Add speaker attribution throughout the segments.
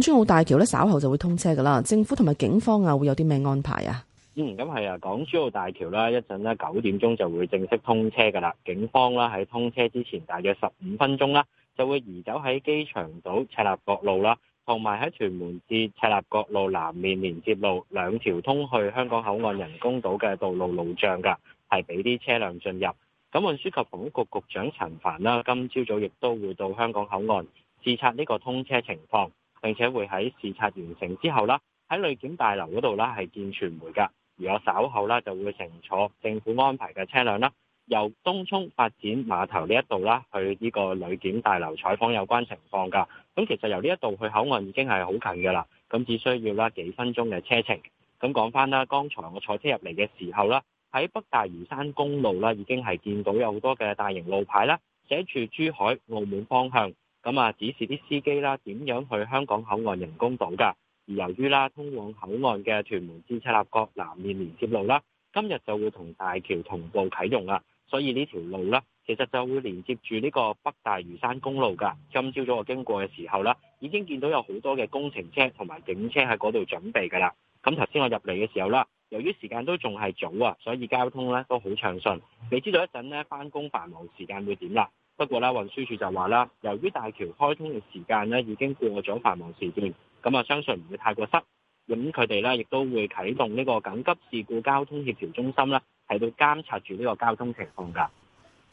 Speaker 1: 港珠澳大橋咧稍後就會通車噶啦，政府同埋警方啊會有啲咩安排啊？
Speaker 2: 嗯，咁係啊，港珠澳大橋啦，一陣咧九點鐘就會正式通車噶啦。警方啦喺通車之前大約十五分鐘啦，就會移走喺機場島赤鱲角路啦，同埋喺屯門至赤鱲角路南面連接路兩條通去香港口岸人工島嘅道路路障噶，係俾啲車輛進入。咁運輸及房屋局局長陳帆啦，今朝早亦都會到香港口岸視察呢個通車情況。並且會喺視察完成之後啦，喺旅檢大樓嗰度啦係見傳媒㗎。而我稍後啦就會乘坐政府安排嘅車輛啦，由東涌發展碼頭呢一度啦去呢個旅檢大樓採訪有關情況㗎。咁其實由呢一度去口岸已經係好近㗎啦，咁只需要啦幾分鐘嘅車程。咁講翻啦，剛才我坐車入嚟嘅時候啦，喺北大嶼山公路啦已經係見到有好多嘅大型路牌啦，寫住珠海、澳門方向。咁啊，指示啲司機啦點樣去香港口岸人工島㗎。而由於啦通往口岸嘅屯門至赤鱲角南面連接路啦，今日就會同大橋同步啟用啦，所以呢條路咧，其實就會連接住呢個北大嶼山公路㗎。今朝早我經過嘅時候啦，已經見到有好多嘅工程車同埋警車喺嗰度準備㗎啦。咁頭先我入嚟嘅時候啦，由於時間都仲係早啊，所以交通咧都好暢順。未知到一陣咧，翻工繁忙時間會點啦？不過咧，運輸署就話啦，由於大橋開通嘅時間咧已經過咗繁忙時段，咁啊相信唔會太過塞。咁佢哋咧亦都會啟動呢個緊急事故交通協調中心咧，喺度監察住呢個交通情況㗎。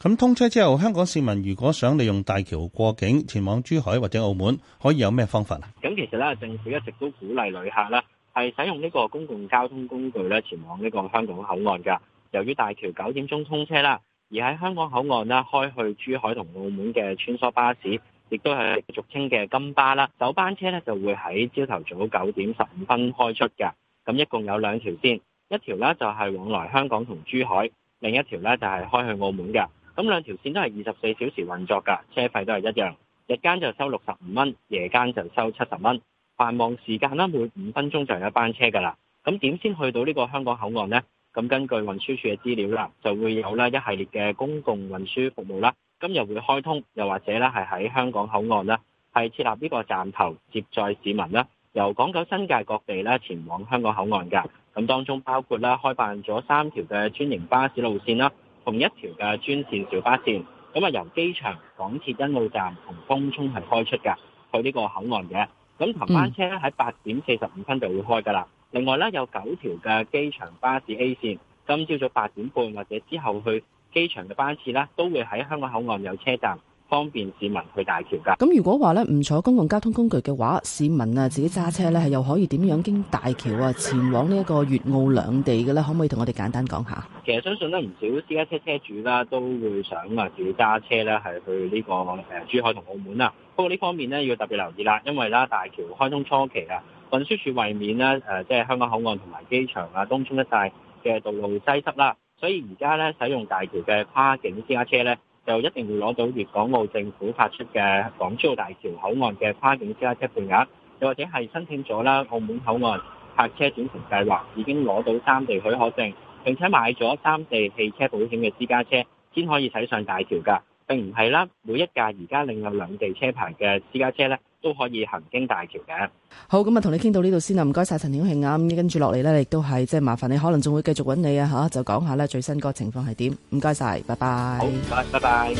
Speaker 1: 咁通車之後，香港市民如果想利用大橋過境前往珠海或者澳門，可以有咩方法啊？
Speaker 2: 咁其實咧，政府一直都鼓勵旅客咧係使用呢個公共交通工具咧前往呢個香港口岸㗎。由於大橋九點鐘通車啦。而喺香港口岸啦，開去珠海同澳門嘅穿梭巴士，亦都係俗稱嘅金巴啦。首班車咧就會喺朝頭早九點十五分開出噶。咁一共有兩條線，一條咧就係往來香港同珠海，另一條咧就係開去澳門噶。咁兩條線都係二十四小時運作噶，車費都係一樣。日間就收六十五蚊，夜間就收七十蚊。繁忙時間啦，每五分鐘就有一班車噶啦。咁點先去到呢個香港口岸咧？咁根據運輸署嘅資料啦，就會有啦一系列嘅公共運輸服務啦。今日會開通，又或者咧係喺香港口岸啦係設立呢個站頭接載市民啦，由港九新界各地咧前往香港口岸嘅。咁當中包括啦開辦咗三條嘅專營巴士路線啦，同一條嘅專線小巴線。咁啊由機場港鐵欣澳站同東涌係開出㗎，去呢個口岸嘅。咁頭班車咧喺八點四十五分就會開㗎啦。另外咧，有九條嘅機場巴士 A 線，今朝早八點半或者之後去機場嘅班次咧，都會喺香港口岸有車站，方便市民去大橋噶。
Speaker 1: 咁如果話呢唔坐公共交通工具嘅話，市民啊自己揸車呢，係又可以點樣經大橋啊前往呢一個粵澳兩地嘅呢？可唔可以同我哋簡單講下？
Speaker 2: 其實相信呢唔少私家車車主啦都會想啊自己揸車呢係去呢個珠海同澳門啦。不過呢方面呢，要特別留意啦，因為啦大橋開通初期啊。運輸署為免咧誒，即係香港口岸同埋機場啊、東涌一帶嘅道路擠塞啦，所以而家咧使用大橋嘅跨境私家車咧，就一定會攞到粵港澳政府發出嘅港珠澳大橋口岸嘅跨境私家車配額，又或者係申請咗啦澳門口岸泊車轉乘計劃，已經攞到三地許可證，並且買咗三地汽車保險嘅私家車，先可以駛上大橋㗎。並唔係啦，每一架而家領有兩地車牌嘅私家車咧，都可以行經大橋嘅。
Speaker 1: 好，咁啊，同你傾到呢度先啦，唔該晒陳曉慶啊。咁跟住落嚟咧，亦都係即係麻煩你，可能仲會繼續揾你啊吓，就講下咧最新嗰個情況係點。唔該晒，拜拜。
Speaker 2: 好，拜拜。